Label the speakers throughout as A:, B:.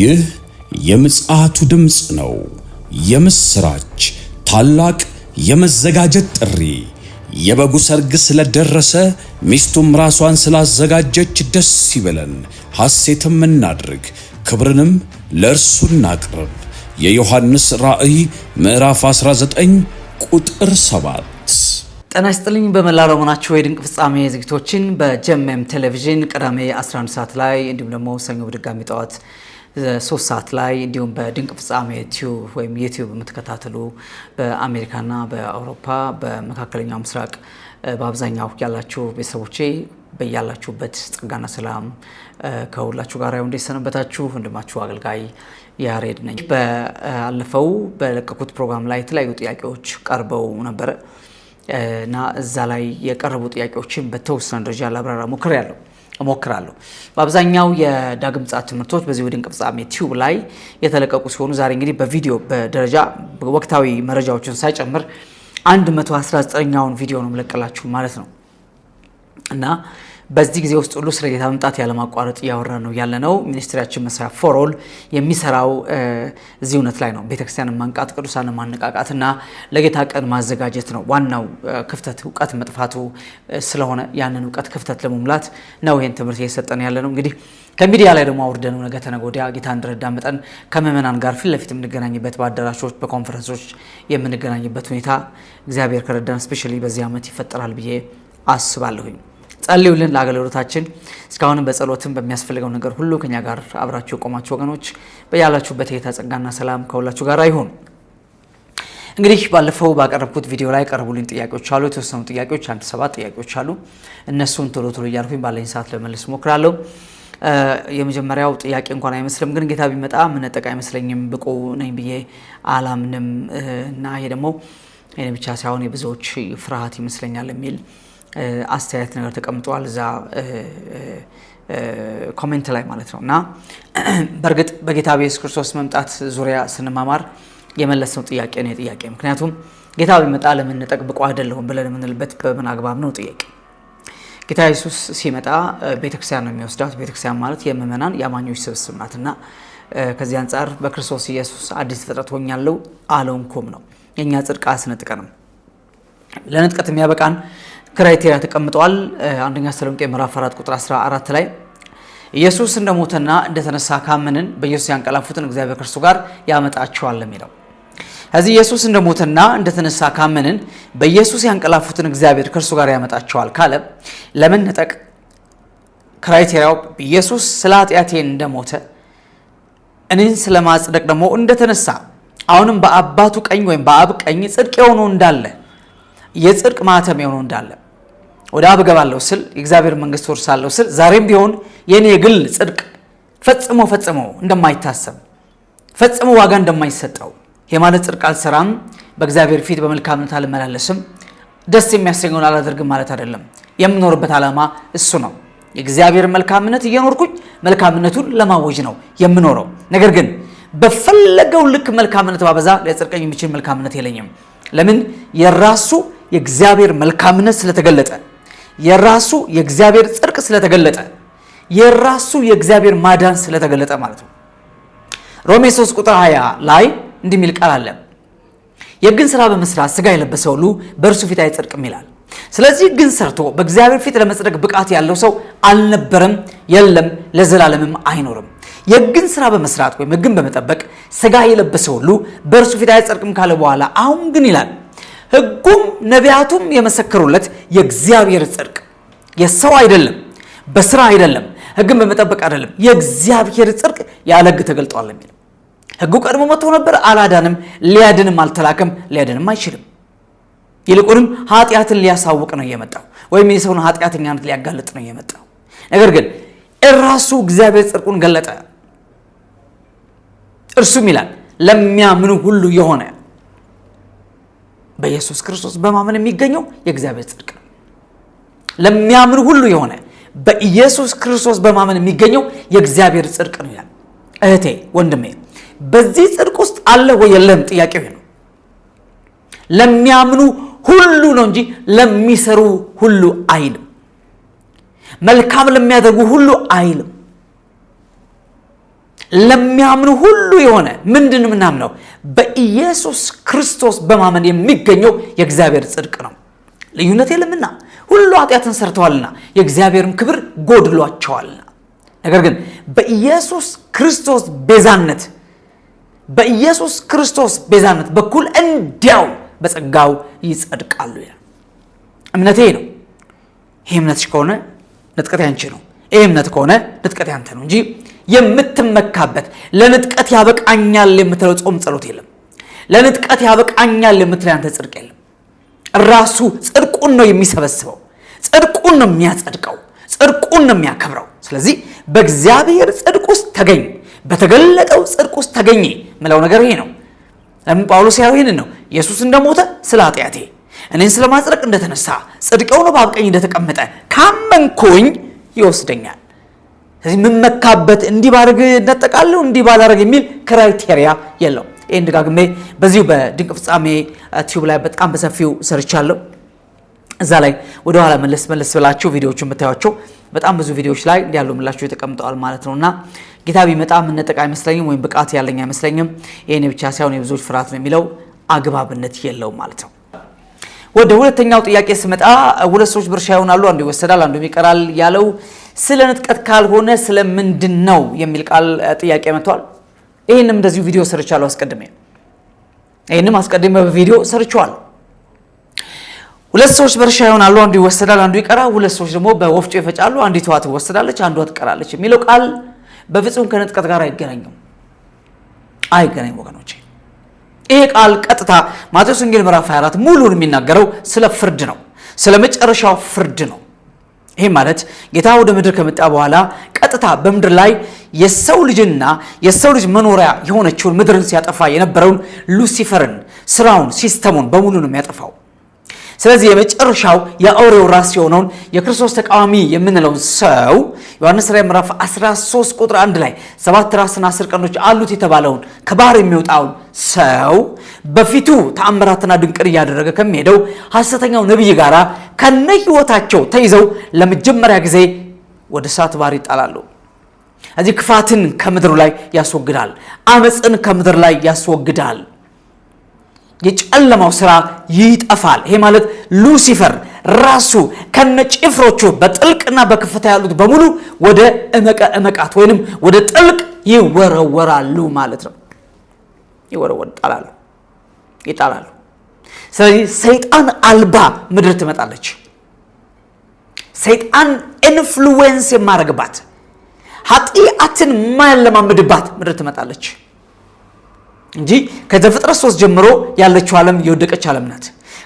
A: ይህ የምጽአቱ ድምፅ ነው። የምስራች ታላቅ የመዘጋጀት ጥሪ። የበጉ ሰርግ ስለደረሰ ሚስቱም ራሷን ስላዘጋጀች ደስ ይበለን፣ ሐሴትም እናድርግ፣ ክብርንም ለእርሱ እናቅርብ። የዮሐንስ ራእይ ምዕራፍ 19 ቁጥር 7 ጤና ይስጥልኝ በመላ ለመሆናችሁ የድንቅ ፍጻሜ ዝግጅቶችን በጀመም ቴሌቪዥን ቅዳሜ 11 ሰዓት ላይ እንዲሁም ደግሞ ሰኞ በድጋሚ ጠዋት ሶስት ሰዓት ላይ እንዲሁም በድንቅ ፍጻሜ ቲዩብ ወይም ዩቲዩብ የምትከታተሉ በአሜሪካና በአውሮፓ በመካከለኛው ምስራቅ በአብዛኛው ያላችሁ ቤተሰቦቼ በያላችሁበት ጸጋና ሰላም ከሁላችሁ ጋር ይሁን። እንደሰነበታችሁ ወንድማችሁ አገልጋይ ያሬድ ነኝ። በአለፈው በለቀቁት ፕሮግራም ላይ የተለያዩ ጥያቄዎች ቀርበው ነበረ። እና እዛ ላይ የቀረቡ ጥያቄዎችን በተወሰነ ደረጃ ላብራራ ያለው እሞክራለሁ። በአብዛኛው የዳግም ምጽአት ትምህርቶች በዚህ ድንቅ ፍጻሜ ቲዩብ ላይ የተለቀቁ ሲሆኑ ዛሬ እንግዲህ በቪዲዮ በደረጃ ወቅታዊ መረጃዎችን ሳይጨምር 119ኛውን ቪዲዮ ነው የምለቅላችሁ ማለት ነው እና በዚህ ጊዜ ውስጥ ሁሉ ስለ ጌታ መምጣት ያለማቋረጥ እያወራ ነው ያለ ነው። ሚኒስትሪያችን መስሪያ ፎሮል የሚሰራው እዚህ እውነት ላይ ነው። ቤተክርስቲያንን ማንቃት፣ ቅዱሳንን ማነቃቃትና ለጌታ ቀን ማዘጋጀት ነው። ዋናው ክፍተት እውቀት መጥፋቱ ስለሆነ ያንን እውቀት ክፍተት ለመሙላት ነው ይህን ትምህርት እየሰጠን ያለ ነው። እንግዲህ ከሚዲያ ላይ ደግሞ አውርደነው ነገ ተነገ ወዲያ ጌታ እንደረዳ መጠን ከምዕመናን ጋር ፊት ለፊት የምንገናኝበት በአዳራሾች፣ በኮንፈረንሶች የምንገናኝበት ሁኔታ እግዚአብሔር ከረዳን ስፔሻሊ በዚህ ዓመት ይፈጠራል ብዬ አስባለሁኝ። ጸልዩልን ለአገልግሎታችን። እስካሁንም በጸሎትም በሚያስፈልገው ነገር ሁሉ ከኛ ጋር አብራችሁ የቆማችሁ ወገኖች በያላችሁበት የጌታ ጸጋና ሰላም ከሁላችሁ ጋር ይሁን። እንግዲህ ባለፈው ባቀረብኩት ቪዲዮ ላይ ቀረቡልኝ ጥያቄዎች አሉ። የተወሰኑ ጥያቄዎች አንድ ሰባት ጥያቄዎች አሉ። እነሱን ቶሎ ቶሎ እያልኩኝ ባለኝ ሰዓት ለመልስ እሞክራለሁ። የመጀመሪያው ጥያቄ እንኳን አይመስልም፣ ግን ጌታ ቢመጣ ምነጠቅ አይመስለኝም፣ ብቁ ነኝ ብዬ አላምንም እና ይሄ ደግሞ ብቻ ሳይሆን የብዙዎች ፍርሃት ይመስለኛል የሚል አስተያየት ነገር ተቀምጠዋል እዛ ኮሜንት ላይ ማለት ነው። እና በእርግጥ በጌታ በኢየሱስ ክርስቶስ መምጣት ዙሪያ ስንማማር የመለስነው ጥያቄ ነው የጥያቄ ምክንያቱም ጌታ ቢመጣ ለምን ጠብቆ አይደለሁም ብለን የምንልበት በምን አግባብ ነው ጥያቄ። ጌታ ኢየሱስ ሲመጣ ቤተክርስቲያን ነው የሚወስዳት። ቤተክርስቲያን ማለት የምእመናን የአማኞች ስብስብ ናት እና ከዚህ አንጻር በክርስቶስ ኢየሱስ አዲስ ፍጥረት ሆኛለሁ አለውንኩም ነው የእኛ ጽድቅ አስነጥቀንም ለንጥቀት የሚያበቃን ክራይቴሪያ ተቀምጠዋል። አንደኛ ተሰሎንቄ ምዕራፍ 4 ቁጥር 14 ላይ ኢየሱስ እንደሞተና እንደተነሳ ካመንን በኢየሱስ ያንቀላፉትን እግዚአብሔር ከእርሱ ጋር ያመጣቸዋል የሚለው ከዚህ ኢየሱስ እንደሞተና እንደተነሳ ካመንን በኢየሱስ ያንቀላፉትን እግዚአብሔር ከእርሱ ጋር ያመጣቸዋል ካለ ለመነጠቅ ክራይቴሪያው ኢየሱስ ስለ እንደሞተ እኔን ስለማጽደቅ ደግሞ እንደተነሳ አሁንም በአባቱ ቀኝ ወይም በአብ ቀኝ ጽድቅ የሆነው እንዳለ የጽድቅ ማተም የሆኑ እንዳለ ወደ አብ እገባለሁ ስል የእግዚአብሔር መንግስት ወርሳለሁ ስል ዛሬም ቢሆን የእኔ የግል ጽድቅ ፈጽሞ ፈጽሞ እንደማይታሰብ ፈጽሞ ዋጋ እንደማይሰጠው የማለት ጽድቅ አልሰራም፣ በእግዚአብሔር ፊት በመልካምነት አልመላለስም፣ ደስ የሚያሰኘውን አላደርግም ማለት አይደለም። የምኖርበት ዓላማ እሱ ነው። የእግዚአብሔር መልካምነት እየኖርኩኝ መልካምነቱን ለማወጅ ነው የምኖረው። ነገር ግን በፈለገው ልክ መልካምነት ባበዛ ሊያጸድቀኝ የሚችል መልካምነት የለኝም። ለምን የራሱ የእግዚአብሔር መልካምነት ስለተገለጠ፣ የራሱ የእግዚአብሔር ጽድቅ ስለተገለጠ፣ የራሱ የእግዚአብሔር ማዳን ስለተገለጠ ማለት ነው። ሮሜ 3 ቁጥር 20 ላይ እንዲህ የሚል ቃል አለ፣ የሕግን ስራ በመስራት ስጋ የለበሰ ሁሉ በእርሱ ፊት አይጸድቅም ይላል። ስለዚህ ግን ሰርቶ በእግዚአብሔር ፊት ለመጽደቅ ብቃት ያለው ሰው አልነበረም፣ የለም፣ ለዘላለምም አይኖርም። የሕግን ስራ በመስራት ወይም ሕግን በመጠበቅ ስጋ የለበሰ ሁሉ በእርሱ ፊት አይጸድቅም ካለ በኋላ አሁን ግን ይላል ሕጉም ነቢያቱም የመሰከሩለት የእግዚአብሔር ጽድቅ የሰው አይደለም፣ በስራ አይደለም፣ ሕግን በመጠበቅ አይደለም፣ የእግዚአብሔር ጽድቅ ያለ ሕግ ተገልጧል የሚል ሕጉ ቀድሞ መጥቶ ነበር፣ አላዳንም፣ ሊያድንም አልተላከም፣ ሊያድንም አይችልም። ይልቁንም ኃጢአትን ሊያሳውቅ ነው የመጣው ወይም የሰውን ኃጢአተኛነት ሊያጋልጥ ነው የመጣው። ነገር ግን እራሱ እግዚአብሔር ጽድቁን ገለጠ። እርሱም ይላል ለሚያምኑ ሁሉ የሆነ በኢየሱስ ክርስቶስ በማመን የሚገኘው የእግዚአብሔር ጽድቅ ነው። ለሚያምን ሁሉ የሆነ በኢየሱስ ክርስቶስ በማመን የሚገኘው የእግዚአብሔር ጽድቅ ነው ይላል። እህቴ ወንድሜ፣ በዚህ ጽድቅ ውስጥ አለ ወይ የለም? ጥያቄው ነው። ለሚያምኑ ሁሉ ነው እንጂ ለሚሰሩ ሁሉ አይልም። መልካም ለሚያደርጉ ሁሉ አይልም። ለሚያምኑ ሁሉ የሆነ ምንድን ምናምነው በኢየሱስ ክርስቶስ በማመን የሚገኘው የእግዚአብሔር ጽድቅ ነው። ልዩነት የለምና ሁሉ ኃጢአትን ሰርተዋልና የእግዚአብሔርም ክብር ጎድሏቸዋልና። ነገር ግን በኢየሱስ ክርስቶስ ቤዛነት በኢየሱስ ክርስቶስ ቤዛነት በኩል እንዲያው በጸጋው ይጸድቃሉ እምነቴ ነው። ይህ እምነትሽ ከሆነ ንጥቀት ያንቺ ነው። ይህ እምነት ከሆነ ንጥቀት ያንተ ነው እንጂ የምትመካበት ለንጥቀት ያበቃኛል የምትለው ጾም ጸሎት የለም። ለንጥቀት ያበቃኛል የምትለው ያንተ ጽድቅ የለም። ራሱ ጽድቁን ነው የሚሰበስበው፣ ጽድቁን ነው የሚያጸድቀው፣ ጽድቁን ነው የሚያከብረው። ስለዚህ በእግዚአብሔር ጽድቅ ውስጥ ተገኝ፣ በተገለጠው ጽድቅ ውስጥ ተገኘ ምለው ነገር ይሄ ነው። ለምን ጳውሎስ ያለው ይህንን ነው። ኢየሱስ እንደሞተ ስለ ኃጢአቴ እኔን ስለማጽደቅ እንደተነሳ ጽድቅ ሆኖ በአብ ቀኝ እንደተቀመጠ ካመንኩኝ ይወስደኛል። ስለዚህ የምመካበት እንዲህ ባደርግ እነጠቃለሁ እንዲህ ባላደርግ የሚል ክራይቴሪያ የለው። ይህን ድጋግሜ በዚሁ በድንቅ ፍጻሜ ቲዩብ ላይ በጣም በሰፊው ሰርቻለሁ። እዛ ላይ ወደኋላ መለስ መለስ ብላችሁ ቪዲዮዎቹ የምታዩቸው በጣም ብዙ ቪዲዮዎች ላይ ያሉ ምላችሁ ተቀምጠዋል ማለት ነው እና ጌታ ቢመጣ የምነጠቅ አይመስለኝም፣ ወይም ብቃት ያለኝ አይመስለኝም። ይህን ብቻ ሳይሆን የብዙዎች ፍርሃት ነው የሚለው አግባብነት የለውም ማለት ነው። ወደ ሁለተኛው ጥያቄ ስመጣ ሁለት ሰዎች ብርሻ ይሆናሉ፣ አንዱ ይወሰዳል፣ አንዱም ይቀራል ያለው ስለ ንጥቀት ካልሆነ ስለ ምንድን ነው የሚል ቃል ጥያቄ መጥቷል። ይህንም እንደዚሁ ቪዲዮ ሰርቻለሁ አስቀድሜ ይህንም አስቀድሜ በቪዲዮ ሰርችዋል። ሁለት ሰዎች በእርሻ ይሆናሉ፣ አንዱ ይወሰዳል፣ አንዱ ይቀራል። ሁለት ሰዎች ደግሞ በወፍጮ ይፈጫሉ፣ አንዲቷ ትወሰዳለች፣ አንዷ ትቀራለች የሚለው ቃል በፍጹም ከንጥቀት ጋር አይገናኝም፣ አይገናኝም ወገኖች። ይሄ ቃል ቀጥታ ማቴዎስ ወንጌል ምዕራፍ 24 ሙሉን የሚናገረው ስለ ፍርድ ነው፣ ስለ መጨረሻው ፍርድ ነው። ይሄ ማለት ጌታ ወደ ምድር ከመጣ በኋላ ቀጥታ በምድር ላይ የሰው ልጅና የሰው ልጅ መኖሪያ የሆነችውን ምድርን ሲያጠፋ የነበረውን ሉሲፈርን ስራውን ሲስተሙን በሙሉ ነው የሚያጠፋው። ስለዚህ የመጨረሻው የአውሬው ራስ የሆነውን የክርስቶስ ተቃዋሚ የምንለውን ሰው ዮሐንስ ራዕይ ምዕራፍ 13 ቁጥር 1 ላይ ሰባት ራስና አስር ቀንዶች አሉት የተባለውን ከባህር የሚወጣውን ሰው በፊቱ ተአምራትና ድንቅን እያደረገ ከሚሄደው ሐሰተኛው ነቢይ ጋር ከነ ህይወታቸው ተይዘው ለመጀመሪያ ጊዜ ወደ እሳት ባህር ይጣላሉ። እዚህ ክፋትን ከምድር ላይ ያስወግዳል። አመፅን ከምድር ላይ ያስወግዳል። የጨለማው ስራ ይጠፋል። ይሄ ማለት ሉሲፈር ራሱ ከነ ጭፍሮቹ በጥልቅና በከፍታ ያሉት በሙሉ ወደ እመቀ እመቃት ወይንም ወደ ጥልቅ ይወረወራሉ ማለት ነው። ይወረወር ይጣላሉ፣ ይጣላሉ። ስለዚህ ሰይጣን አልባ ምድር ትመጣለች። ሰይጣን ኢንፍሉዌንስ የማረግባት ኃጢአትን ማያለማምድባት ምድር ትመጣለች። እንጂ ከዘፍጥረት ሶስት ጀምሮ ያለችው ዓለም የወደቀች ዓለም ናት።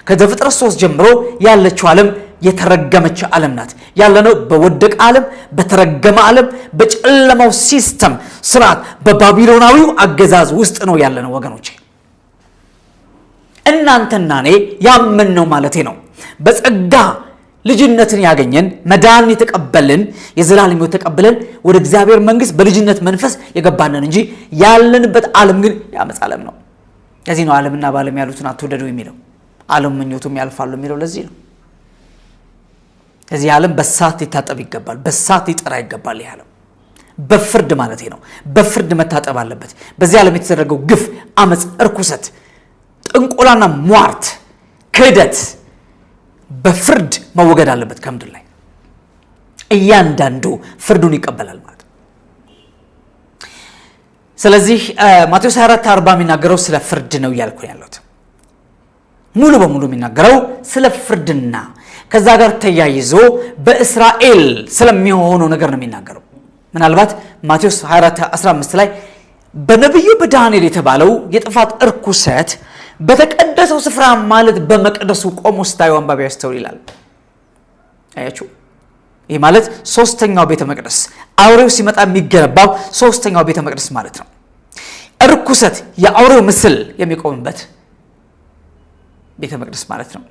A: ከዘፍጥረት ሶስት ጀምሮ ያለችው ዓለም የተረገመች ዓለም ናት። ያለነው በወደቀ ዓለም፣ በተረገመ ዓለም፣ በጨለማው ሲስተም ስርዓት፣ በባቢሎናዊው አገዛዝ ውስጥ ነው ያለነው ወገኖቼ። እናንተና እኔ ያምን ነው ማለቴ ነው በጸጋ ልጅነትን ያገኘን መዳን የተቀበልን የዘላለም ሕይወት ተቀብለን ወደ እግዚአብሔር መንግስት በልጅነት መንፈስ የገባንን እንጂ ያለንበት ዓለም ግን የዓመፅ ዓለም ነው። ለዚህ ነው ዓለምና በዓለም ያሉትን አትወደዱ የሚለው ዓለም ምኞቱም ያልፋሉ የሚለው ለዚህ ነው። ከዚህ ዓለም በሳት ሊታጠብ ይገባል፣ በሳት ሊጠራ ይገባል። ይህ ዓለም በፍርድ ማለት ነው፣ በፍርድ መታጠብ አለበት። በዚህ ዓለም የተደረገው ግፍ፣ አመፅ፣ እርኩሰት፣ ጥንቆላና ሟርት፣ ክህደት በፍርድ መወገድ አለበት ከምድር ላይ እያንዳንዱ ፍርዱን ይቀበላል ማለት ነው። ስለዚህ ማቴዎስ 24 40 የሚናገረው ስለ ፍርድ ነው እያልኩ ያለሁት ሙሉ በሙሉ የሚናገረው ስለ ፍርድና ከዛ ጋር ተያይዞ በእስራኤል ስለሚሆነው ነገር ነው የሚናገረው። ምናልባት ማቴዎስ 24 15 ላይ በነቢዩ በዳንኤል የተባለው የጥፋት እርኩሰት በተቀደሰው ስፍራ ማለት በመቅደሱ ቆሞ ስታዩ አንባቢ ያስተውል ይላል። አያችሁ፣ ይህ ማለት ሶስተኛው ቤተ መቅደስ አውሬው ሲመጣ የሚገነባው ሶስተኛው ቤተ መቅደስ ማለት ነው። እርኩሰት የአውሬው ምስል የሚቆምበት ቤተ መቅደስ ማለት ነው።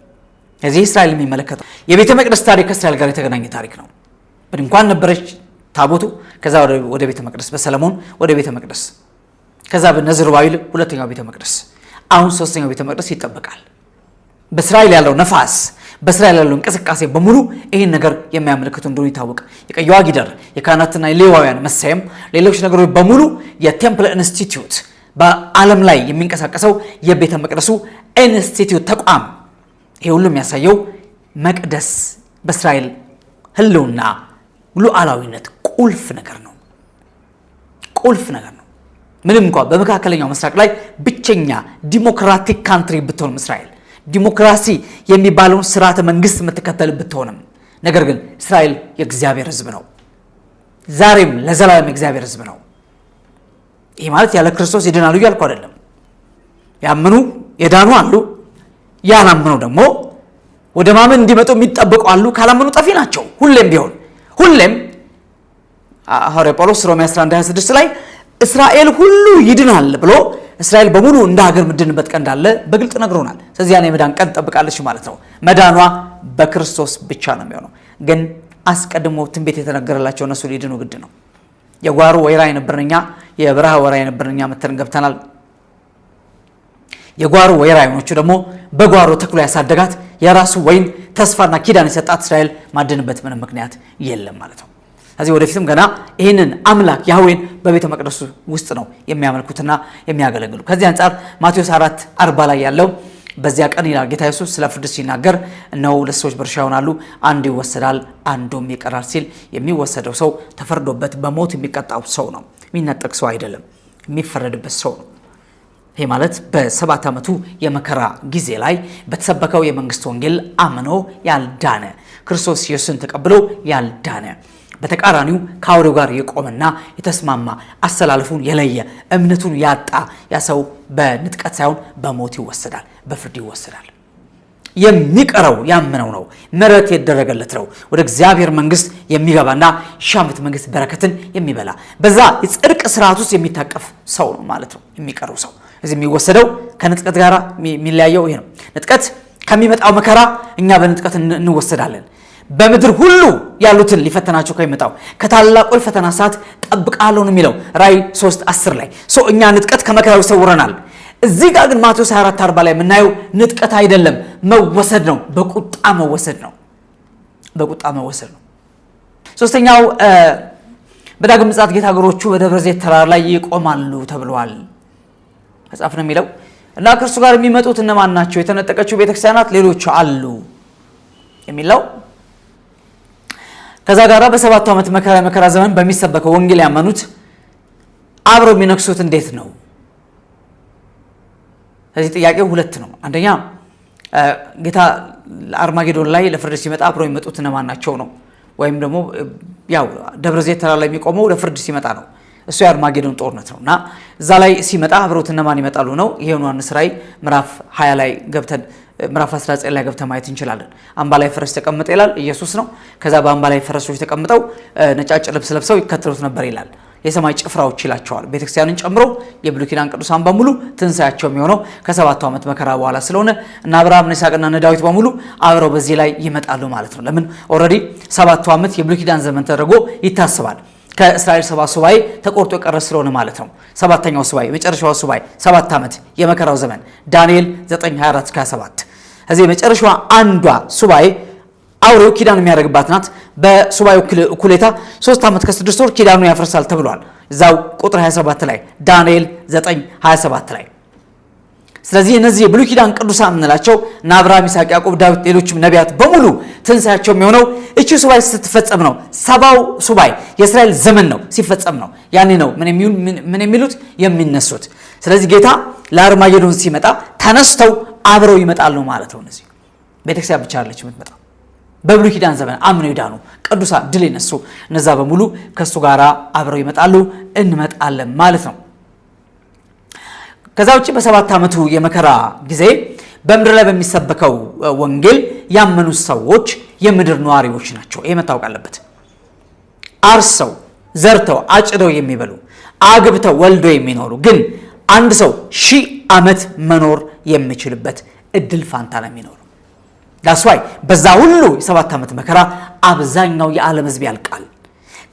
A: ከዚህ እስራኤል የሚመለከተው የቤተ መቅደስ ታሪክ ከእስራኤል ጋር የተገናኘ ታሪክ ነው። በድንኳን ነበረች ታቦቱ፣ ከዛ ወደ ቤተ መቅደስ፣ በሰለሞን ወደ ቤተ መቅደስ፣ ከዛ በነዝርባዊል ሁለተኛው ቤተ መቅደስ አሁን ሶስተኛው ቤተ መቅደስ ይጠበቃል። በእስራኤል ያለው ነፋስ በእስራኤል ያለው እንቅስቃሴ በሙሉ ይህን ነገር የሚያመለክቱ እንደሆኑ ይታወቅ። የቀየዋ ጊደር የካህናትና የሌዋውያን መሳየም፣ ሌሎች ነገሮች በሙሉ የቴምፕል ኢንስቲትዩት በዓለም ላይ የሚንቀሳቀሰው የቤተ መቅደሱ ኢንስቲትዩት ተቋም፣ ይሄ ሁሉ የሚያሳየው መቅደስ በእስራኤል ህልውና ሉዓላዊነት ቁልፍ ነገር ነው። ቁልፍ ነገር ነው። ምንም እንኳ በመካከለኛው ምስራቅ ላይ ብቸኛ ዲሞክራቲክ ካንትሪ ብትሆንም እስራኤል ዲሞክራሲ የሚባለውን ስርዓተ መንግስት የምትከተል ብትሆንም ነገር ግን እስራኤል የእግዚአብሔር ህዝብ ነው። ዛሬም ለዘላለም የእግዚአብሔር ህዝብ ነው። ይህ ማለት ያለ ክርስቶስ ይድናሉ እያልኩ አይደለም። ያምኑ የዳኑ አሉ፣ ያላምኑ ደግሞ ወደ ማመን እንዲመጡ የሚጠበቁ አሉ። ካላምኑ ጠፊ ናቸው። ሁሌም ቢሆን ሁሌም ሐዋርያ ጳውሎስ ሮሜ 11 26 ላይ እስራኤል ሁሉ ይድናል ብሎ እስራኤል በሙሉ እንደ ሀገር ምድንበት ቀን እንዳለ በግልጥ ነግሮናል። ስለዚህ ያን የመዳን ቀን ጠብቃለች ማለት ነው። መዳኗ በክርስቶስ ብቻ ነው የሚሆነው። ግን አስቀድሞ ትንቢት የተነገረላቸው እነሱ ሊድኑ ግድ ነው። የጓሮ ወይራ የነበርንኛ የበረሃ ወራ የነበርንኛ መተን ገብተናል። የጓሮ ወይራ የሆኖቹ ደግሞ በጓሮ ተክሎ ያሳደጋት የራሱ ወይን ተስፋና ኪዳን የሰጣት እስራኤል ማድንበት ምንም ምክንያት የለም ማለት ነው። ስለዚህ ወደፊትም ገና ይህንን አምላክ ያህዌን በቤተ መቅደሱ ውስጥ ነው የሚያመልኩትና የሚያገለግሉ። ከዚህ አንጻር ማቴዎስ 4 40 ላይ ያለው በዚያ ቀን ይላል ጌታ ኢየሱስ ስለ ፍርድ ሲናገር፣ እነሆ ሁለት ሰዎች በእርሻ ይሆናሉ፣ አንዱ ይወሰዳል፣ አንዱም ይቀራል ሲል የሚወሰደው ሰው ተፈርዶበት በሞት የሚቀጣው ሰው ነው። የሚነጠቅ ሰው አይደለም፣ የሚፈረድበት ሰው ነው። ይህ ማለት በሰባት ዓመቱ የመከራ ጊዜ ላይ በተሰበከው የመንግስት ወንጌል አምኖ ያልዳነ ክርስቶስ ኢየሱስን ተቀብሎ ያልዳነ በተቃራኒው ከአውሬው ጋር የቆመና የተስማማ አሰላለፉን የለየ እምነቱን ያጣ ያ ሰው በንጥቀት ሳይሆን በሞት ይወሰዳል፣ በፍርድ ይወሰዳል። የሚቀረው ያምነው ነው፣ ምሕረት የደረገለት ነው። ወደ እግዚአብሔር መንግስት የሚገባና ሺህ ዓመት በረከትን የሚበላ በዛ የጽድቅ ስርዓት ውስጥ የሚታቀፍ ሰው ነው ማለት ነው የሚቀረው ሰው። እዚህ የሚወሰደው ከንጥቀት ጋር የሚለያየው ይሄ ነው። ንጥቀት ከሚመጣው መከራ እኛ በንጥቀት እንወሰዳለን። በምድር ሁሉ ያሉትን ሊፈተናቸው ከሚመጣው ከታላቁ ፈተና ሰዓት ጠብቃለሁ ነው የሚለው ራይ 3 10 ላይ ሰው እኛ ንጥቀት ከመከራው ይሰውረናል። እዚህ ጋር ግን ማቴዎስ 24 40 ላይ የምናየው ንጥቀት አይደለም፣ መወሰድ ነው። በቁጣ መወሰድ ነው። በቁጣ መወሰድ ነው። ሶስተኛው በዳግም ምጽአት ጌታ እግሮቹ በደብረ ዘይት ተራራ ላይ ይቆማሉ ተብለዋል መጽሐፍ ነው የሚለው እና ከእርሱ ጋር የሚመጡት እነማን ናቸው? የተነጠቀችው ቤተክርስቲያናት ሌሎቹ አሉ የሚለው ከዛ ጋራ በሰባቱ ዓመት መከራ መከራ ዘመን በሚሰበከው ወንጌል ያመኑት አብረው የሚነግሱት እንዴት ነው? ስለዚህ ጥያቄው ሁለት ነው። አንደኛ ጌታ አርማጌዶን ላይ ለፍርድ ሲመጣ አብረው የሚመጡት እነማን ናቸው ነው? ወይም ደግሞ ያው ደብረ ዘይት ላይ የሚቆመው ለፍርድ ሲመጣ ነው። እሱ የአርማጌዶን ጦርነት ነው እና እዛ ላይ ሲመጣ አብረውት እነማን ይመጣሉ ነው። ይህን ዮሐንስ ራእይ ምዕራፍ 20 ላይ ገብተን ምዕራፍ 19 ላይ ገብተ ማየት እንችላለን። አምባ ላይ ፈረስ ተቀምጠ ይላል ኢየሱስ ነው። ከዛ በአምባ ላይ ፈረሶች ተቀምጠው ነጫጭ ልብስ ለብሰው ይከተሉት ነበር ይላል። የሰማይ ጭፍራዎች ይላቸዋል። ቤተክርስቲያንን ጨምሮ የብሉይ ኪዳን ቅዱሳን በሙሉ ትንሳያቸው የሚሆነው ከሰባቱ ዓመት መከራ በኋላ ስለሆነ እነ አብርሃም ይስሐቅና እነ ዳዊት በሙሉ አብረው በዚህ ላይ ይመጣሉ ማለት ነው። ለምን ኦልሬዲ ሰባቱ ዓመት የብሉይ ኪዳን ዘመን ተደርጎ ይታስባል። ከእስራኤል ሰባ ሱባኤ ተቆርጦ የቀረ ስለሆነ ማለት ነው። ሰባተኛው ሱባኤ፣ መጨረሻው ሱባኤ ሰባት ዓመት የመከራው ዘመን ዳንኤል 9 24 27 ከዚህ የመጨረሻዋ አንዷ ሱባኤ አውሬው ኪዳን የሚያደርግባት ናት። በሱባኤው ኩሌታ ሶስት ዓመት ከስድስት ወር ኪዳኑ ያፈርሳል ተብሏል። እዛው ቁጥር 27 ላይ ዳንኤል 9 27 ላይ ስለዚህ እነዚህ የብሉይ ኪዳን ቅዱሳን የምንላቸው እነ አብርሃም፣ ይስሐቅ፣ ያዕቆብ፣ ዳዊት፣ ሌሎችም ነቢያት በሙሉ ትንሳያቸው የሚሆነው እቺ ሱባኤ ስትፈጸም ነው። ሰባው ሱባኤ የእስራኤል ዘመን ነው ሲፈጸም ነው። ያኔ ነው ምን የሚሉት የሚነሱት። ስለዚህ ጌታ ለአርማጌዶን ሲመጣ ተነስተው አብረው ይመጣሉ ማለት ነው። እነዚህ ቤተክርስቲያን ብቻ አለች የምትመጣ በብሉይ ኪዳን ዘመን አምነው ይዳኑ ቅዱሳን ድል ይነሱ እነዛ በሙሉ ከእሱ ጋር አብረው ይመጣሉ፣ እንመጣለን ማለት ነው። ከዛ ውጭ በሰባት ዓመቱ የመከራ ጊዜ በምድር ላይ በሚሰበከው ወንጌል ያመኑ ሰዎች የምድር ነዋሪዎች ናቸው። ይህ መታወቅ አለበት። አርሰው ዘርተው አጭደው የሚበሉ አግብተው ወልዶ የሚኖሩ ግን አንድ ሰው ሺህ ዓመት መኖር የሚችልበት እድል ፋንታ ነው የሚኖረው። ዳስዋይ በዛ ሁሉ የሰባት ዓመት መከራ አብዛኛው የዓለም ሕዝብ ያልቃል።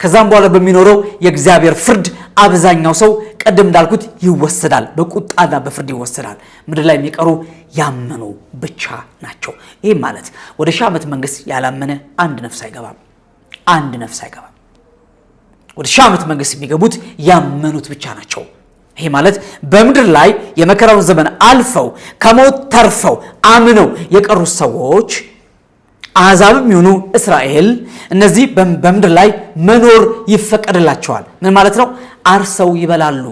A: ከዛም በኋላ በሚኖረው የእግዚአብሔር ፍርድ አብዛኛው ሰው ቀደም እንዳልኩት ይወሰዳል፣ በቁጣና በፍርድ ይወሰዳል። ምድር ላይ የሚቀሩ ያመኑ ብቻ ናቸው። ይህ ማለት ወደ ሺህ ዓመት መንግስት ያላመነ አንድ ነፍስ አይገባም። አንድ ነፍስ አይገባም። ወደ ሺህ ዓመት መንግስት የሚገቡት ያመኑት ብቻ ናቸው። ይሄ ማለት በምድር ላይ የመከራውን ዘመን አልፈው ከሞት ተርፈው አምነው የቀሩ ሰዎች አሕዛብም የሚሆኑ እስራኤል እነዚህ በምድር ላይ መኖር ይፈቀድላቸዋል። ምን ማለት ነው? አርሰው ይበላሉ፣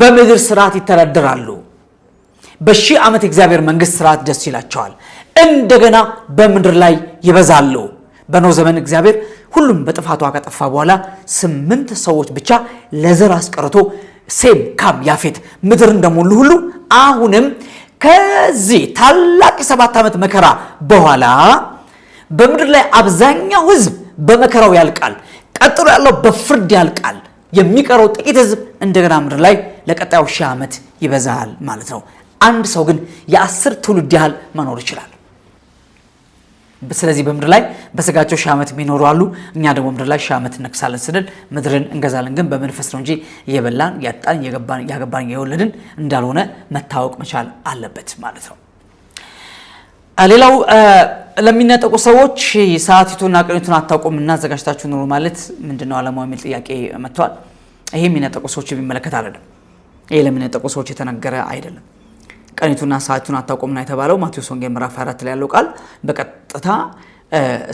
A: በምድር ስርዓት ይተዳደራሉ። በሺህ ዓመት የእግዚአብሔር መንግሥት ስርዓት ደስ ይላቸዋል። እንደገና በምድር ላይ ይበዛሉ። በኖህ ዘመን እግዚአብሔር ሁሉም በጥፋቷ ከጠፋ በኋላ ስምንት ሰዎች ብቻ ለዘር አስቀርቶ ሴም፣ ካም፣ ያፌት ምድር እንደሞሉ ሁሉ አሁንም ከዚህ ታላቅ የሰባት ዓመት መከራ በኋላ በምድር ላይ አብዛኛው ሕዝብ በመከራው ያልቃል። ቀጥሎ ያለው በፍርድ ያልቃል። የሚቀረው ጥቂት ሕዝብ እንደገና ምድር ላይ ለቀጣዩ ሺህ ዓመት ይበዛል ማለት ነው። አንድ ሰው ግን የአስር ትውልድ ያህል መኖር ይችላል። ስለዚህ በምድር ላይ በስጋቸው ሺህ ዓመት የሚኖሩ አሉ። እኛ ደግሞ ምድር ላይ ሺህ ዓመት እነግሳለን ስንል ምድርን እንገዛለን፣ ግን በመንፈስ ነው እንጂ እየበላን ያጣን ያገባን እየወለድን እንዳልሆነ መታወቅ መቻል አለበት ማለት ነው። ሌላው ለሚነጠቁ ሰዎች ሰዓቲቱና ቅኒቱን አታውቁም እና አዘጋጅታችሁ ኑሩ ማለት ምንድነው አለማዊ የሚል ጥያቄ መጥቷል። ይሄ የሚነጠቁ ሰዎች የሚመለከት አይደለም። ይሄ ለሚነጠቁ ሰዎች የተነገረ አይደለም። ቀኒቱና ሰዓቱን አታውቁምና የተባለው ማቴዎስ ወንጌል ምዕራፍ 4 ላይ ያለው ቃል በቀጥታ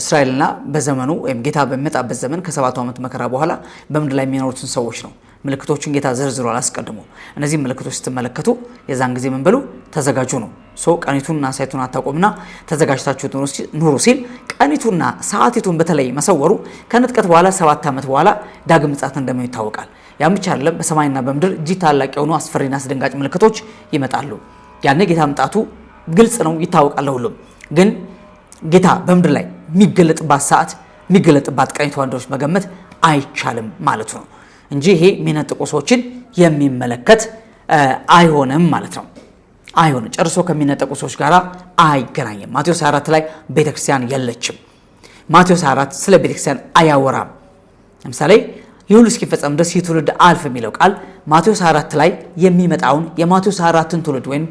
A: እስራኤልና በዘመኑ ወይም ጌታ በሚመጣበት ዘመን ከሰባቱ ዓመት መከራ በኋላ በምድር ላይ የሚኖሩትን ሰዎች ነው። ምልክቶችን ጌታ ዘርዝሯል አስቀድሞ። እነዚህ ምልክቶች ስትመለከቱ የዛን ጊዜ ምን በሉ ተዘጋጁ ነው። ሶ ቀኒቱንና ሰዓቱን አታውቁምና ተዘጋጅታችሁ ኑሩ ሲል ቀኒቱና ሰዓቲቱን በተለይ መሰወሩ ከንጥቀት በኋላ ሰባት ዓመት በኋላ ዳግም ምጽአት እንደሚሆን ይታወቃል። ያም ብቻ አይደለም፣ በሰማይና በምድር እጅግ ታላቅ የሆኑ አስፈሪና አስደንጋጭ ምልክቶች ይመጣሉ። ያነ ጌታ መምጣቱ ግልጽ ነው፣ ይታወቃል ሁሉም። ግን ጌታ በምድር ላይ የሚገለጥባት ሰዓት የሚገለጥባት ቀኝቷ እንደሆነች መገመት አይቻልም ማለቱ ነው እንጂ ይሄ የሚነጥቁ ሰዎችን የሚመለከት አይሆንም ማለት ነው። አይሆንም ጨርሶ ከሚነጠቁ ሰዎች ጋር አይገናኝም። ማቴዎስ 24 ላይ ቤተክርስቲያን የለችም። ማቴዎስ 24 ስለ ቤተክርስቲያን አያወራም። ለምሳሌ ይህ ሁሉ እስኪፈጸም ድረስ ይህ ትውልድ አልፍ የሚለው ቃል ማቴዎስ 4 ላይ የሚመጣውን የማቴዎስ አራትን ትውልድ ወይም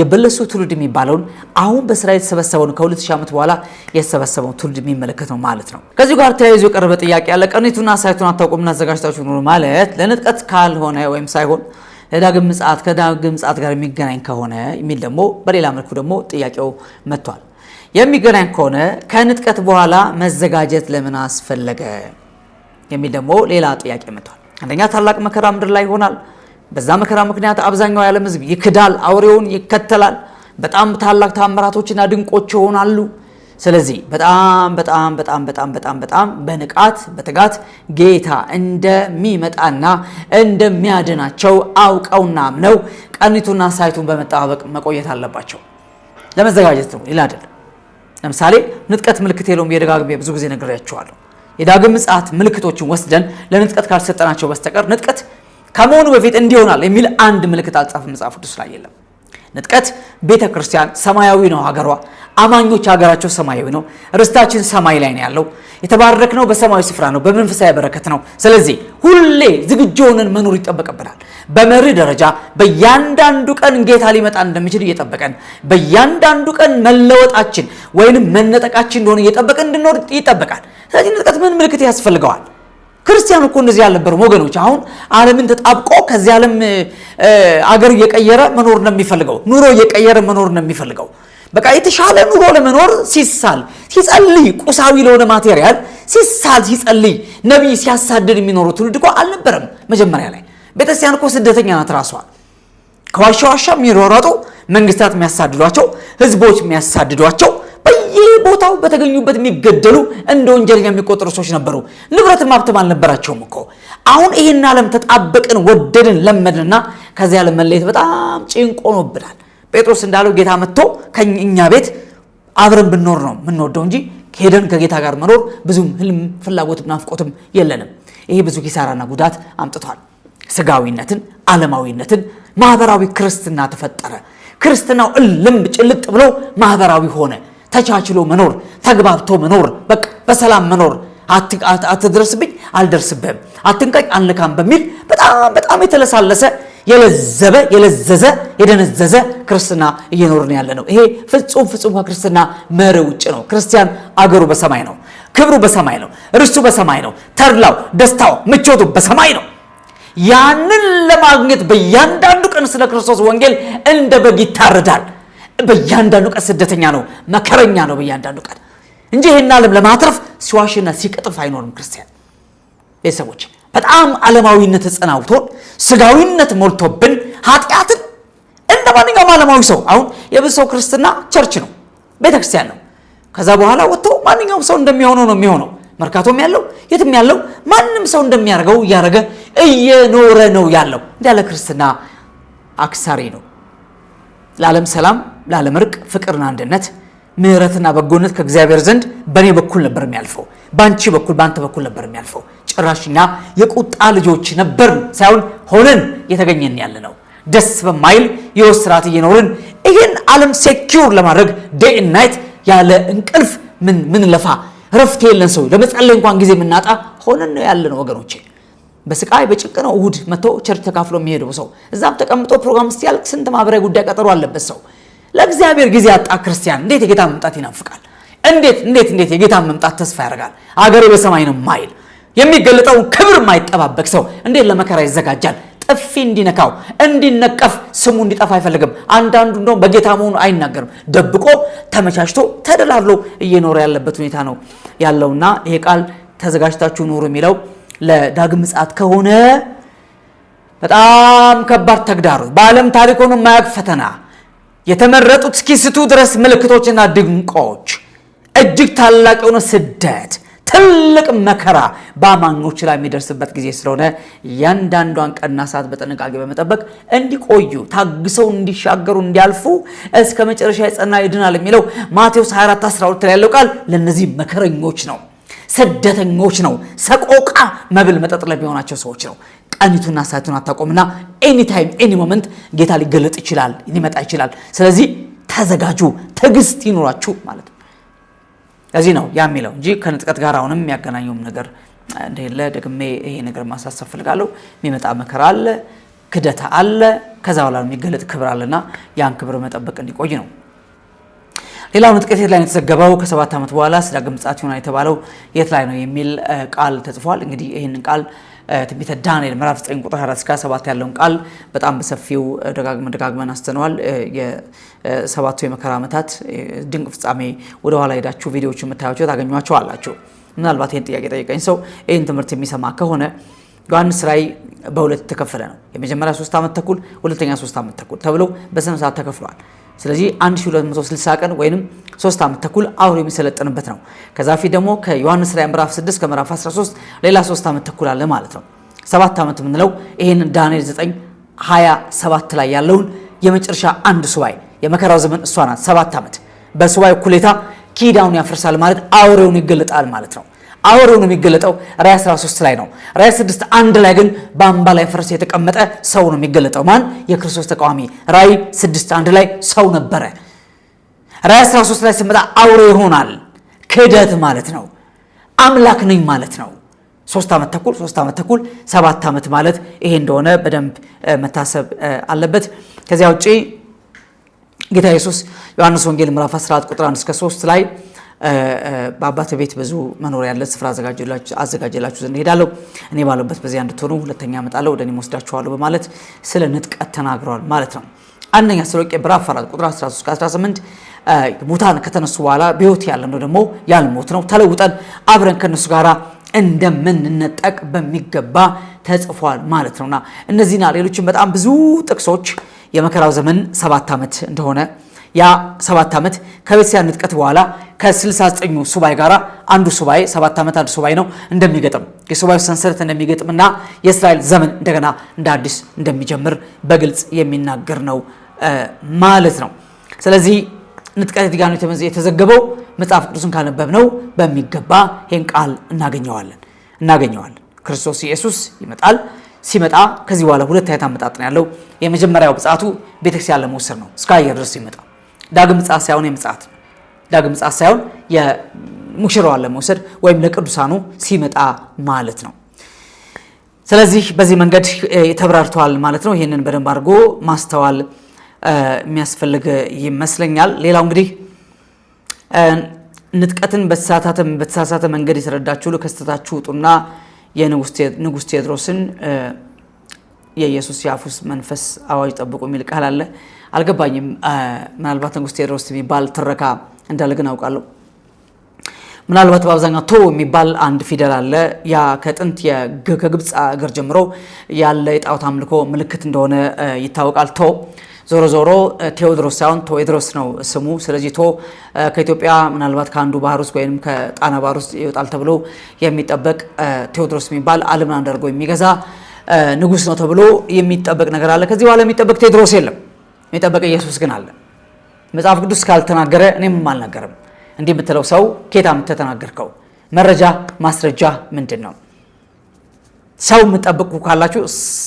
A: የበለሱ ትውልድ የሚባለውን አሁን በስራ የተሰበሰበውን ከ2000 ዓመት በኋላ የተሰበሰበውን ትውልድ የሚመለከት ነው ማለት ነው። ከዚሁ ጋር ተያይዞ የቀረበ ጥያቄ ያለ ቀኒቱና ሳይቱን አታውቁምና አዘጋጅታችሁ ኑሩ ማለት ለንጥቀት ካልሆነ ወይም ሳይሆን ለዳግም ምጽአት ከዳግም ምጽአት ጋር የሚገናኝ ከሆነ የሚል ደግሞ በሌላ መልኩ ደግሞ ጥያቄው መጥቷል። የሚገናኝ ከሆነ ከንጥቀት በኋላ መዘጋጀት ለምን አስፈለገ? የሚል ደግሞ ሌላ ጥያቄ መጥቷል። አንደኛ ታላቅ መከራ ምድር ላይ ይሆናል። በዛ መከራ ምክንያት አብዛኛው የዓለም ሕዝብ ይክዳል፣ አውሬውን ይከተላል። በጣም ታላቅ ታምራቶችና ድንቆች ይሆናሉ። ስለዚህ በጣም በጣም በጣም በጣም በጣም በጣም በንቃት በትጋት ጌታ እንደሚመጣና እንደሚያድናቸው አውቀውና አምነው ቀኒቱና ሳይቱን በመጠባበቅ መቆየት አለባቸው። ለመዘጋጀት ነው ይላል። ለምሳሌ ንጥቀት ምልክት የለውም። የደጋግሜ ብዙ ጊዜ ነግሬያችኋለሁ። የዳግም ምጽአት ምልክቶችን ወስደን ለንጥቀት ካልሰጠናቸው በስተቀር ንጥቀት ከመሆኑ በፊት እንዲሆናል የሚል አንድ ምልክት አልጻፈም መጽሐፍ ቅዱስ ላይ የለም። ንጥቀት ቤተ ክርስቲያን ሰማያዊ ነው ሀገሯ። አማኞች ሀገራቸው ሰማያዊ ነው። ርስታችን ሰማይ ላይ ነው ያለው። ነው በሰማያዊ ስፍራ ነው፣ በመንፈሳዊ በረከት ነው። ስለዚህ ሁሌ ዝግጁ ሆነን መኖር ይጠበቅብናል። በመሪ ደረጃ በእያንዳንዱ ቀን ጌታ ሊመጣ እንደሚችል እየጠበቀን፣ በእያንዳንዱ ቀን መለወጣችን ወይንም መነጠቃችን እንደሆነ እየጠበቀን እንድኖር ይጠበቃል። ስለዚህ ንጥቀት ምን ምልክት ያስፈልገዋል? ክርስቲያን እኮ እንደዚህ አልነበረም ወገኖች። አሁን ዓለምን ተጣብቆ ከዚህ ዓለም አገር እየቀየረ መኖር ነው የሚፈልገው። ኑሮ እየቀየረ መኖር ነው የሚፈልገው። በቃ የተሻለ ኑሮ ለመኖር ሲሳል ሲጸልይ፣ ቁሳዊ ለሆነ ማቴሪያል ሲሳል ሲጸልይ፣ ነቢይ ሲያሳድድ የሚኖረው ትውልድ እኮ አልነበረም መጀመሪያ ላይ። ቤተክርስቲያን እኮ ስደተኛ ናት ራሷ። ከዋሻ ዋሻ የሚሯሯጡ መንግስታት የሚያሳድዷቸው፣ ህዝቦች የሚያሳድዷቸው በየቦታው በተገኙበት የሚገደሉ እንደ ወንጀለኛ የሚቆጠሩ ሰዎች ነበሩ። ንብረትም ሀብትም አልነበራቸውም እኮ። አሁን ይህን ዓለም ተጣበቅን፣ ወደድን፣ ለመድንና ከዚህ ዓለም መለየት በጣም ጭንቅ ሆኖብናል። ጴጥሮስ እንዳለው ጌታ መጥቶ ከእኛ ቤት አብረን ብንኖር ነው የምንወደው እንጂ ሄደን ከጌታ ጋር መኖር ብዙም ህልም ፍላጎትም ናፍቆትም የለንም። ይሄ ብዙ ኪሳራና ጉዳት አምጥቷል። ስጋዊነትን፣ ዓለማዊነትን፣ ማህበራዊ ክርስትና ተፈጠረ። ክርስትናው እልም ጭልጥ ብሎ ማህበራዊ ሆነ። ተቻችሎ መኖር፣ ተግባብቶ መኖር፣ በቃ በሰላም መኖር፣ አትድረስብኝ፣ አልደርስብህም፣ አትንቀኝ፣ አልነካም በሚል በጣም በጣም የተለሳለሰ የለዘበ የለዘዘ የደነዘዘ ክርስትና እየኖርን ያለ ነው። ይሄ ፍጹም ፍጹም ከክርስትና መሪ ውጭ ነው። ክርስቲያን አገሩ በሰማይ ነው፣ ክብሩ በሰማይ ነው፣ ርሱ በሰማይ ነው፣ ተድላው፣ ደስታው፣ ምቾቱ በሰማይ ነው። ያንን ለማግኘት በእያንዳንዱ ቀን ስለ ክርስቶስ ወንጌል እንደ በግ ይታረዳል። በእያንዳንዱ ቀን ስደተኛ ነው፣ መከረኛ ነው በእያንዳንዱ ቀን እንጂ ይህን ዓለም ለማትረፍ ሲዋሽና ሲቀጥፍ አይኖርም ክርስቲያን። ቤተሰቦች በጣም ዓለማዊነት ተጸናውቶን ስጋዊነት ሞልቶብን ኃጢአትን እንደ ማንኛውም ዓለማዊ ሰው አሁን የብዙ ሰው ክርስትና ቸርች ነው፣ ቤተክርስቲያን ነው። ከዛ በኋላ ወጥቶ ማንኛውም ሰው እንደሚሆነው ነው የሚሆነው። መርካቶም ያለው የትም ያለው ማንም ሰው እንደሚያደርገው እያደረገ እየኖረ ነው ያለው። እንዲ ያለ ክርስትና አክሳሪ ነው። ለዓለም ሰላም ለዓለም እርቅ፣ ፍቅርና አንድነት፣ ምህረትና በጎነት ከእግዚአብሔር ዘንድ በእኔ በኩል ነበር የሚያልፈው፣ በአንቺ በኩል በአንተ በኩል ነበር የሚያልፈው። ጭራሽኛ የቁጣ ልጆች ነበር ሳይሆን ሆነን የተገኘን ያለ ነው። ደስ በማይል የወስ ስርዓት እየኖርን ይህን ዓለም ሴኪውር ለማድረግ ዴይ ኤንድ ናይት ያለ እንቅልፍ ምን ለፋ ረፍት የለን ሰው ለመጸለይ እንኳን ጊዜ የምናጣ ሆነን ነው ያለ ነው ወገኖቼ። በስቃይ በጭንቅ ነው እሁድ መጥቶ ቸርች ተካፍሎ የሚሄደው ሰው። እዛም ተቀምጦ ፕሮግራም እስኪያልቅ ስንት ማህበራዊ ጉዳይ ቀጠሮ አለበት ሰው ለእግዚአብሔር ጊዜ ያጣ ክርስቲያን እንዴት የጌታ መምጣት ይናፍቃል? እንዴት እንዴት እንዴት የጌታ መምጣት ተስፋ ያደርጋል? አገሬ በሰማይ ነው ማይል የሚገለጠውን ክብር ማይጠባበቅ ሰው እንዴት ለመከራ ይዘጋጃል? ጥፊ እንዲነካው እንዲነቀፍ ስሙ እንዲጠፋ አይፈልግም። አንዳንዱ እንደውም በጌታ መሆኑ አይናገርም። ደብቆ ተመቻችቶ ተደላሎ እየኖረ ያለበት ሁኔታ ነው ያለውና ይሄ ቃል ተዘጋጅታችሁ ኑሩ የሚለው ለዳግም ምጽአት ከሆነ በጣም ከባድ ተግዳሮት በዓለም ታሪክ ሆኖ የማያውቅ ፈተና የተመረጡት እስኪስቱ ድረስ ምልክቶችና ድንቆች፣ እጅግ ታላቅ የሆነ ስደት፣ ትልቅ መከራ በአማኞች ላይ የሚደርስበት ጊዜ ስለሆነ እያንዳንዷን ቀና ሰዓት በጥንቃቄ በመጠበቅ እንዲቆዩ ታግሰው እንዲሻገሩ እንዲያልፉ እስከ መጨረሻ የጸና ይድናል የሚለው ማቴዎስ 24 12 ላይ ያለው ቃል ለእነዚህ መከረኞች ነው። ስደተኞች ነው። ሰቆቃ መብል መጠጥ ለሚሆናቸው ሰዎች ነው። ቀኒቱና ሰዓቱን አታቆምና ታይም ኤኒ ሞመንት ጌታ ሊገለጥ ይችላል፣ ሊመጣ ይችላል። ስለዚህ ተዘጋጁ፣ ትዕግስት ይኑራችሁ ማለት ነው። ለዚህ ነው ያ የሚለው እንጂ ከንጥቀት ጋር አሁንም የሚያገናኘውም ነገር እንደሌለ ደግሜ ይሄ ነገር ማሳሰብ ፈልጋለሁ። የሚመጣ መከራ አለ፣ ክደታ አለ፣ ከዛ በኋላ የሚገለጥ ክብር አለና ያን ክብር መጠበቅ እንዲቆይ ነው። ሌላው ንጥቀት የት ላይ ነው የተዘገበው? ከሰባት ዓመት በኋላ ዳግም ምጽአት ይሆናል የተባለው የት ላይ ነው የሚል ቃል ተጽፏል። እንግዲህ ይህንን ቃል ትንቢተ ዳንኤል ምዕራፍ 9 ቁጥር 4 እስከ 7 ያለውን ቃል በጣም በሰፊው ደጋግመን ደጋግመን አስተነዋል። የሰባቱ የመከራ ዓመታት ድንቅ ፍጻሜ ወደኋላ ሄዳችሁ ቪዲዮዎቹ የምታያቸው ታገኟቸው አላችሁ። ምናልባት ይህን ጥያቄ ጠይቀኝ ሰው ይህን ትምህርት የሚሰማ ከሆነ ዮሐንስ ራእይ በሁለት ተከፈለ ነው። የመጀመሪያ ሶስት ዓመት ተኩል፣ ሁለተኛ ሶስት ዓመት ተኩል ተብሎ በስነ ስርዓት ተከፍሏል። ስለዚህ 1260 ቀን ወይም ሶስት ዓመት ተኩል አውሬ የሚሰለጥንበት ነው። ከዛ ፊት ደግሞ ከዮሐንስ ራዕይ ምዕራፍ 6 ከምዕራፍ 13 ሌላ ሶስት ዓመት ተኩል አለ ማለት ነው። ሰባት ዓመት የምንለው ይህን ዳንኤል 9 27 ላይ ያለውን የመጨረሻ አንድ ሱባኤ የመከራው ዘመን እሷ ናት። ሰባት ዓመት በሱባኤ ኩሌታ ኪዳውን ያፈርሳል ማለት አውሬውን ይገለጣል ማለት ነው። አውሬው የሚገለጠው። ራእይ 13 ላይ ነው። ራእይ 6 አንድ ላይ ግን በአምባ ላይ ፈረስ የተቀመጠ ሰው ነው የሚገለጠው። ማን? የክርስቶስ ተቃዋሚ። ራእይ 6 አንድ ላይ ሰው ነበረ። ራእይ 13 ላይ ሲመጣ አውሬው ይሆናል። ክህደት ማለት ነው። አምላክ ነኝ ማለት ነው። ሶስት ዓመት ተኩል ሶስት ዓመት ተኩል ሰባት ዓመት ማለት ይሄ እንደሆነ በደንብ መታሰብ አለበት። ከዚያ ውጪ ጌታ ኢየሱስ ዮሐንስ ወንጌል ምዕራፍ 14 ቁጥር 1 እስከ 3 ላይ በአባት ቤት ብዙ መኖር ያለ ስፍራ አዘጋጀላችሁ ዘንድ ሄዳለሁ፣ እኔ ባለበት በዚያ እንድትሆኑ፣ ሁለተኛ እመጣለሁ፣ ወደ እኔም ወስዳችኋለሁ በማለት ስለ ንጥቀት ተናግረዋል ማለት ነው። አንደኛ ተሰሎንቄ ምዕራፍ 4 ቁጥር 13 18 ሙታን ከተነሱ በኋላ በሕይወት ያለነው ደግሞ ያልሞት ነው ተለውጠን አብረን ከነሱ ጋራ እንደምንነጠቅ በሚገባ ተጽፏል ማለት ነውና እነዚህና ሌሎችን በጣም ብዙ ጥቅሶች የመከራው ዘመን ሰባት ዓመት እንደሆነ ያ ሰባት ዓመት ከቤተክርስቲያን ንጥቀት በኋላ ከ69ኙ ሱባኤ ጋር አንዱ ሱባኤ ሰባት ዓመት አንዱ ሱባኤ ነው እንደሚገጥም የሱባይ ሰንሰለት እንደሚገጥምና የእስራኤል ዘመን እንደገና እንደ አዲስ እንደሚጀምር በግልጽ የሚናገር ነው ማለት ነው። ስለዚህ ንጥቀት የትጋኑ የተዘገበው መጽሐፍ ቅዱስን ካነበብነው በሚገባ ይህን ቃል እናገኘዋለን እናገኘዋለን። ክርስቶስ ኢየሱስ ይመጣል። ሲመጣ ከዚህ በኋላ ሁለት አይነት አመጣጥ ነው ያለው። የመጀመሪያው ብጻቱ ቤተክርስቲያን ለመውሰድ ነው፣ እስከ አየር ድረስ ይመጣል። ዳግም ምጽአት ሳይሆን የምጽአት ዳግም ምጽአት ሳይሆን የሙሽራዋን ለመውሰድ ወይም ለቅዱሳኑ ሲመጣ ማለት ነው። ስለዚህ በዚህ መንገድ ተብራርተዋል ማለት ነው። ይህንን በደንብ አድርጎ ማስተዋል የሚያስፈልግ ይመስለኛል። ሌላው እንግዲህ ንጥቀትን በተሳሳተ መንገድ የተረዳችሁ ሁሉ ከስተታችሁ ውጡና የንጉሥ ቴዎድሮስን የኢየሱስ የአፉስ መንፈስ አዋጅ ጠብቁ የሚል ቃል አለ። አልገባኝም። ምናልባት ንጉስ ቴዎድሮስ የሚባል ትረካ እንዳለ ግን አውቃለሁ። ምናልባት በአብዛኛው ቶ የሚባል አንድ ፊደል አለ። ያ ከጥንት ከግብፅ ሀገር ጀምሮ ያለ የጣዖት አምልኮ ምልክት እንደሆነ ይታወቃል። ቶ ዞሮ ዞሮ ቴዎድሮስ ሳይሆን ቶኤድሮስ ነው ስሙ። ስለዚህ ቶ ከኢትዮጵያ ምናልባት ከአንዱ ባህር ውስጥ ወይም ከጣና ባህር ውስጥ ይወጣል ተብሎ የሚጠበቅ ቴዎድሮስ የሚባል ዓለምን አንድ አድርጎ የሚገዛ ንጉስ ነው ተብሎ የሚጠበቅ ነገር አለ። ከዚህ በኋላ የሚጠበቅ ቴዎድሮስ የለም። የጠበቀ ኢየሱስ ግን አለ። መጽሐፍ ቅዱስ ካልተናገረ እኔም አልናገርም እንዲህ የምትለው ሰው ኬታ የምትተናገርከው መረጃ ማስረጃ ምንድን ነው? ሰው የምጠብቁ ካላችሁ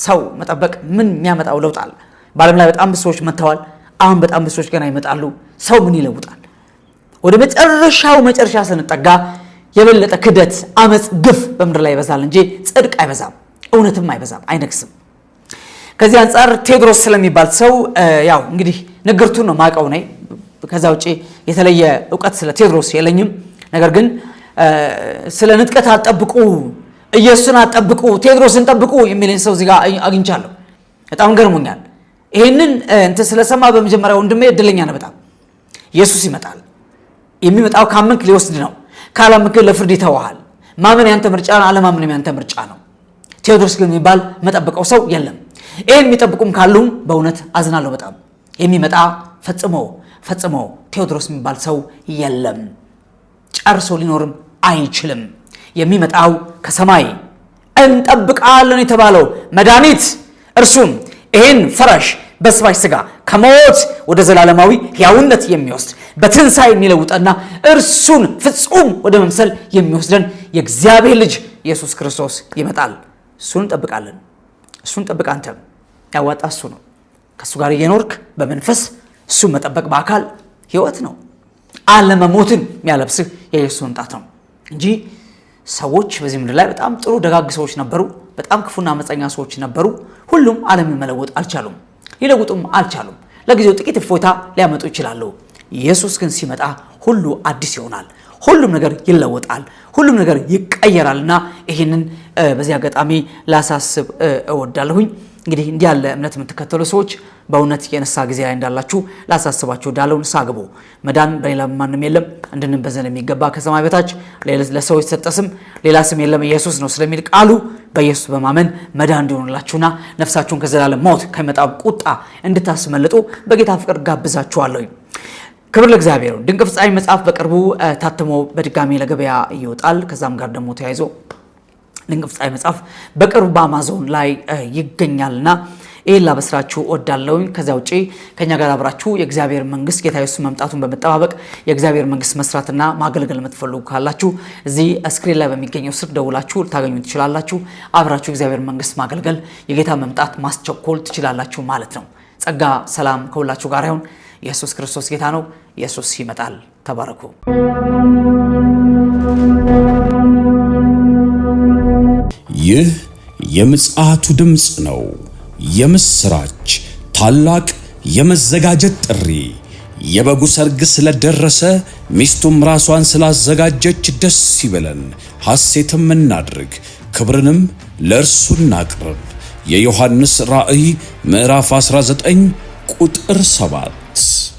A: ሰው መጠበቅ ምን የሚያመጣው ለውጥ አለ? በዓለም ላይ በጣም ብዙ ሰዎች መጥተዋል። አሁን በጣም ብዙ ሰዎች ገና ይመጣሉ። ሰው ምን ይለውጣል? ወደ መጨረሻው መጨረሻ ስንጠጋ የበለጠ ክደት፣ አመፅ፣ ግፍ በምድር ላይ ይበዛል እንጂ ጽድቅ አይበዛም፣ እውነትም አይበዛም፣ አይነግስም። ከዚህ አንጻር ቴዎድሮስ ስለሚባል ሰው ያው እንግዲህ ንግርቱን ነው ማቀው ነኝ። ከዛ ውጭ የተለየ እውቀት ስለ ቴዎድሮስ የለኝም። ነገር ግን ስለ ንጥቀት አጠብቁ፣ ኢየሱስን አጠብቁ፣ ቴዎድሮስን ጠብቁ የሚለኝ ሰው እዚህ ጋር አግኝቻለሁ። በጣም ገርሞኛል። ይህንን እንት ስለሰማ በመጀመሪያ ወንድሜ እድለኛ ነው በጣም ኢየሱስ ይመጣል። የሚመጣው ካመንክ ሊወስድ ነው፣ ካላመንክ ለፍርድ ይተዋሃል። ማመን ያንተ ምርጫ፣ አለማመንም ያንተ ምርጫ ነው። ቴዎድሮስ ግን የሚባል መጠብቀው ሰው የለም። ይህን የሚጠብቁም ካሉም በእውነት አዝናለሁ በጣም የሚመጣ ፈጽሞ ፈጽሞ ቴዎድሮስ የሚባል ሰው የለም፣ ጨርሶ ሊኖርም አይችልም። የሚመጣው ከሰማይ እንጠብቃለን የተባለው መድኃኒት እርሱም ይህን ፈራሽ በስባሽ ስጋ ከሞት ወደ ዘላለማዊ ያውነት የሚወስድ በትንሣኤ የሚለውጠና እርሱን ፍጹም ወደ መምሰል የሚወስደን የእግዚአብሔር ልጅ ኢየሱስ ክርስቶስ ይመጣል። እሱን እንጠብቃለን። እሱን ጠብቅ አንተም ያዋጣ እሱ ነው። ከእሱ ጋር እየኖርክ በመንፈስ እሱ መጠበቅ በአካል ህይወት ነው። አለመሞትን የሚያለብስህ የኢየሱስ መምጣት ነው እንጂ ሰዎች በዚህ ምድር ላይ በጣም ጥሩ ደጋግ ሰዎች ነበሩ፣ በጣም ክፉና አመፀኛ ሰዎች ነበሩ። ሁሉም ዓለምን መለወጥ አልቻሉም፣ ሊለውጡም አልቻሉም። ለጊዜው ጥቂት እፎይታ ሊያመጡ ይችላሉ። ኢየሱስ ግን ሲመጣ ሁሉ አዲስ ይሆናል፣ ሁሉም ነገር ይለወጣል፣ ሁሉም ነገር ይቀየራልና ይህንን በዚህ አጋጣሚ ላሳስብ እወዳለሁኝ። እንግዲህ እንዲህ ያለ እምነት የምትከተሉ ሰዎች በእውነት የንስሐ ጊዜ ላይ እንዳላችሁ ላሳስባችሁ እዳለው። ንስሐ ግቡ። መዳን በሌላ ማንም የለም እንድንበዘን የሚገባ ከሰማይ በታች ለሰው የተሰጠ ስም ሌላ ስም የለም ኢየሱስ ነው ስለሚል ቃሉ በኢየሱስ በማመን መዳን እንዲሆንላችሁና ነፍሳችሁን ከዘላለም ሞት ከሚመጣ ቁጣ እንድታስመልጡ በጌታ ፍቅር ጋብዛችኋለሁ። ክብር ለእግዚአብሔር። ድንቅ ፍጻሜ መጽሐፍ በቅርቡ ታትሞ በድጋሚ ለገበያ ይወጣል። ከዛም ጋር ደግሞ ተያይዞ ድንቅ ፍጻሜ መጽሐፍ በቅርቡ በአማዞን ላይ ይገኛልና ይህን ላበስራችሁ እወዳለሁኝ። ከዚያ ውጪ ከኛ ጋር አብራችሁ የእግዚአብሔር መንግስት ጌታ ኢየሱስ መምጣቱን በመጠባበቅ የእግዚአብሔር መንግስት መስራትና ማገልገል የምትፈልጉ ካላችሁ እዚህ ስክሪን ላይ በሚገኘው ስር ደውላችሁ ልታገኙ ትችላላችሁ። አብራችሁ የእግዚአብሔር መንግስት ማገልገል፣ የጌታ መምጣት ማስቸኮል ትችላላችሁ ማለት ነው። ጸጋ ሰላም ከሁላችሁ ጋር ይሁን። ኢየሱስ ክርስቶስ ጌታ ነው። ኢየሱስ ይመጣል። ተባረኩ።
B: ይህ የምጽአቱ ድምፅ ነው። የምስራች ታላቅ የመዘጋጀት ጥሪ። የበጉ ሰርግ ስለደረሰ ሚስቱም ራሷን ስላዘጋጀች ደስ ይበለን፣ ሐሴትም እናድርግ፣ ክብርንም ለእርሱ እናቅርብ። የዮሐንስ ራእይ ምዕራፍ 19 ቁጥር 7